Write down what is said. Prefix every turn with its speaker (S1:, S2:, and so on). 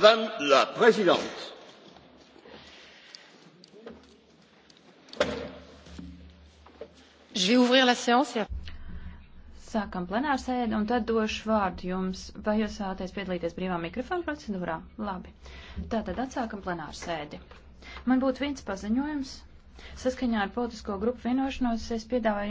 S1: madame la présidente
S2: Sākam plenārsēdi un tad došu vārdu jums. Vai jūs vēlaties piedalīties brīvā mikrofona procedūrā? Labi. Tātad atsākam plenārsēdi. Man būtu viens paziņojums. Saskaņā ar politisko grupu vienošanos es piedāvāju.